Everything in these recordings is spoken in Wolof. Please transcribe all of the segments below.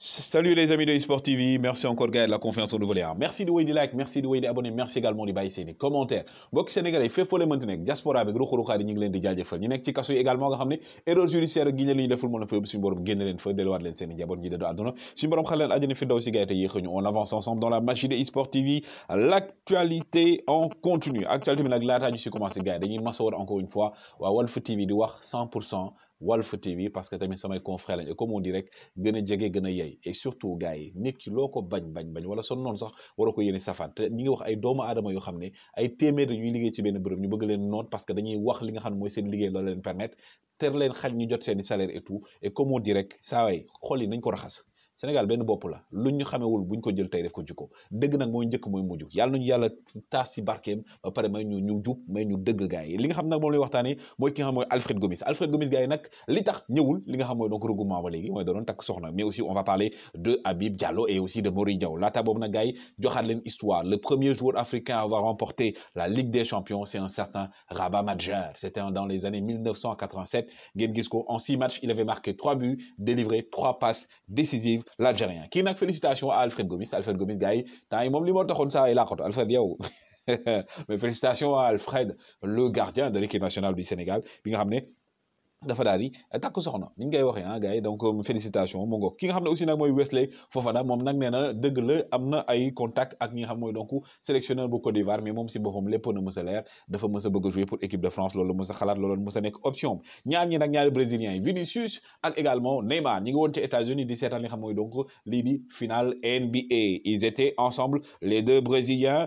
Salut les amis de e-Sport TV merci encore gars de la confiance renouvelée ah merci de wéy di like merci de wéy di abonné merci également di bàyyi seeni commentaire mbokki Sénégalais fait fépp foo leen mënti nekk diaspora avec ruqaruqaa yi ñu ngi leen di jaajëfal ñu nekk ci kaso également nga xam erreur judiciaire gi ñu li ñu deful moo leen fa yóbbu suñu borom génn leen fa delluwaat leen seeni njaboot ñi dédoo àdduna suñu borom xal leen àjjana fi daw si gars yi on avance ensemble dans la machine de sport TV l'actualité en continu actualité bi nag laataa ñu si commencé gars yi dañuy masawoon encore une fois waa Walf TV di wax 100 Wolf TV parce que tamit samay confrères et comme on dit rek gën a yey et surtout gars yi nit ki loko bañ bañ bañ wala son non sax waroo ko yéene safaan ñi ngi wax ay doomu adama ay ñuy liggé ci bénn ñu bëgg leen parce que dañuy wax li nga ne seen permettre ter salaire et tout et comme on dit ça saa Sénégal benn bopp la luñu ñu xamewul buñ ko jël tay def ko jikko deug nak moy njëkk moy muju yalla ñu yalla tass ci barkeem ba paré may ñu ñu jub may ñu deug gaay li nga xam nak mom lay waxtaanee moy ki nga xam moy Alfred Gomis Alfred Gomis gaay nak li tax ñëwul li nga xam moy donc regroupement ba légui moy da doon takk soxna mais aussi on va parler de Habib Diallo et aussi de Mori Diaw laata bobu nag gaay joxat leen histoire le premier joueur africain à avoir remporté la Ligue des Champions c'est un certain Rabat Madjer c'était dans les années 1987 ngeen gis ko en 6 matchs il avait marqué 3 buts délivré 3 passes décisives l'Algérien n'a que félicitations à Alfred Gomis Alfred Gomis gars t'as temps yi moom ça et là, saa Alfred yow mais félicitations à Alfred le gardien de l'équipe nationale du Sénégal bi nga dafa daal di takk soxna ni ñu waxee ah, yi donc euh, félicitation mu ngoog ki nga xam aussi nag mooy Wesley Fofana moom nag nee na dëgg la am ay contact ak ñi nga xam mooy donc sélectionneur bu Côte d'Ivoire mais moom si boppam lépp na mës a leer dafa mës a jouer pour équipe de France loolu mës a xalaat loolu mës option ñaar ñi nag ñaari Brésilien Vinicius ak également Neymar ñi ngi woon ci États-Unis di seetaan li nga xam mooy donc lii di finale NBA ils étaient ensemble les deux brésiliens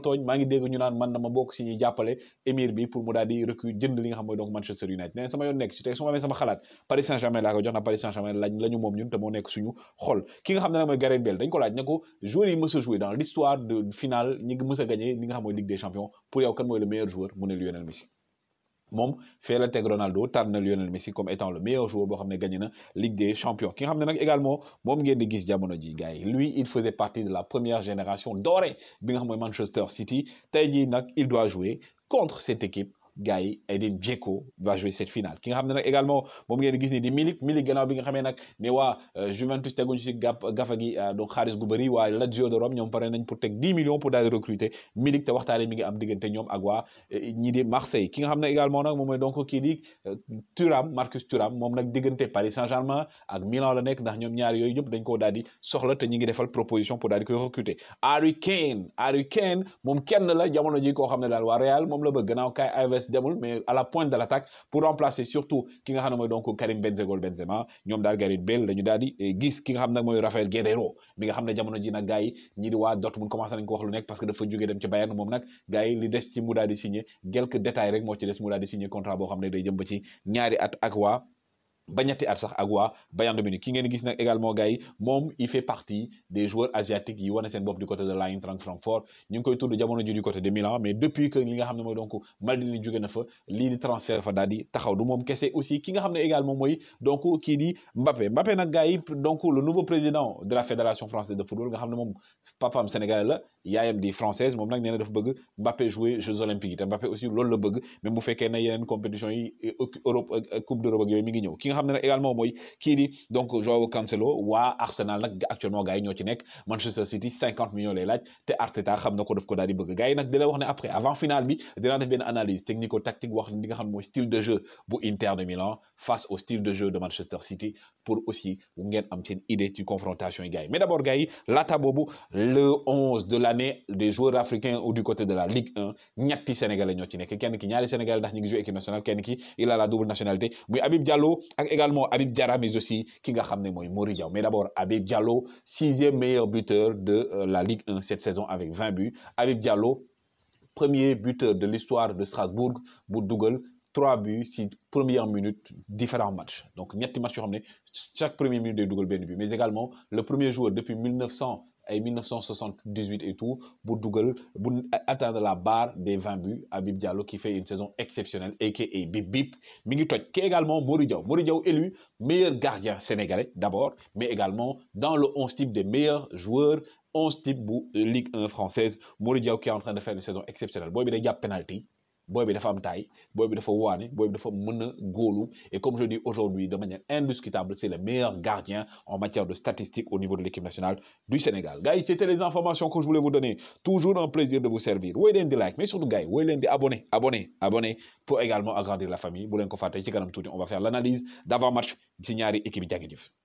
ma tooñ maa ngi dégg ñu naan man dama bokk si ñuy jàppale émir bi pour mu daal di recu li nga xam mooy donc Manchester United nee sama yoon nekk si te sama xalaat Paris Saint-Germain laa moom ñun te moo nekk suñu xol ki nga xam ne nag mooy Gareth Bale dañ ko laaj ne joueur yi mës a dans l'histoire de finale ñi mës a gagné nga xam Ligue des Champions pour yow kan mooy le meilleur joueur mu Lionel Messi mom fait la Ronaldo Lionel Messi comme étant le meilleur joueur pour xamné gagné na Ligue des champions ki nga également mom ngeen di gis jamono ji gars lui il faisait partie de la première génération dorée bi nga Manchester City tay ji il doit jouer contre cette équipe gars yi Edin va jouer cette finale ki nga xam également moom ngeen gis ni Milik Milik gannaaw bi nga xamee nag ne waa euh, Juventus teguñ ci gafa gi euh, donc xaalis gu bëri waa Lazio de Rome ñoom pare nañ pour tek 10 millions pour d'aller recruter Milik te waxtaane mi ngi am diggante ñoom ak euh, ñi di Marseille ki nga xam également nag moom donc kii di Thuram Marcus Thuram Mom, Nak, diggante Paris Saint-Germain ak Milan la nekk ndax ñoom ñaar yooyu ñëpp dañ koo daal soxla te ñi ngi defal proposition pour d'aller recruter Harry Kane Harry Kane Mom, kenn la jamono ji koo xam ne daal Real Mom, la bëgg gannaaw Kai mais à la pointe de l'attaque pour remplacer surtout ki nga donc Karim Benzema ñom daal Gareth Bale dañu di eh, gis ki nga Rafael Guerrero bi nga jamono ji à Dortmund commencé nañ ko wax lu parce que dafa dem ci Bayern mom nak gaay li des ci mu di signer quelques détails rek mo ci des mu à di signer contrat de day jëm ba ci ñaari ba ñetti at sax Bayern de Munich ki ngeen gis nak également gay. yi il fait partie des joueurs asiatiques yi wane seen bopp du côté de l'Eintracht Francfort ñu ngi koy tudd jamono ji du côté de Milan mais depuis que li nga xam ne mooy donc Maldini jóge na fa lii di transfert fa daal di taxaw du mom kese aussi ki nga également moy, donc qui di Mbappé Mbappé nak gay, yi donc le nouveau président de la fédération française de football nga xam ne moom sénégalais la yaayam di française moom nag nee na dafa bëgg Mbappé jouer Jeux olympiques Mbappé aussi loolu la bëgg même bu fekkee ne yeneen compétition yi Europe Coupe d'Europe ak yooyu mi ngi ñëw ki nga xam ne également mooy kii di donc Joao Cancelo waa Arsenal nag actuellement gars ñoo ci Manchester City 50 millions lay laaj te Arteta xam na ko daf ko daal di bëgg gars yi nag wax après avant finale bi dina def benn analyse technico tactique wax nga xam style de jeu bu Inter de Milan face au style de jeu de Manchester City pour aussi ngeen am seen idée ci confrontation yi gars mais d'abord gars yi laata le onze de la l'année des joueurs africains ou du côté de la Ligue 1 ñatti sénégalais ñoo nek kenn ki ñaari sénégalais ndax ñu ngi équipe nationale kenn ki il a la double nationalité muy Habib Diallo ak également Habib Diarra mais aussi ki nga xamné moy mooy mais d'abord Habib Diallo sixième meilleur buteur de euh, la Ligue 1 cette saison avec 20 buts Habib Diallo premier buteur de l'histoire de Strasbourg bu Dougal, 3 buts si premières minute différents matchs donc ñetti matchs yoo chaque première minute day Dougal Ben but mais également le premier joueur depuis 1900 1978 et tout pour atteindre la barre des 20 buts Habib Diallo qui fait une saison exceptionnelle aka Bip Bip mingi toj également Moridiao, Moridiao élu meilleur gardien sénégalais d'abord mais également dans le 11 type des meilleurs joueurs 11 type de Ligue 1 française Moridiao qui est en train de faire une saison exceptionnelle il y a a penalty dafa am taille dafa dafa et comme je dis aujourd'hui de manière indiscutable c'est le meilleur gardien en matière de statistiques au niveau de l'équipe nationale du Sénégal Guys, c'était les informations que je voulais vous donner toujours un plaisir de vous servir wooy leen like mais surtout guys, yi wooy abonné abonné abonné pour également agrandir la famille on va faire l'analyse d'avant-match ci ñaari équipe yi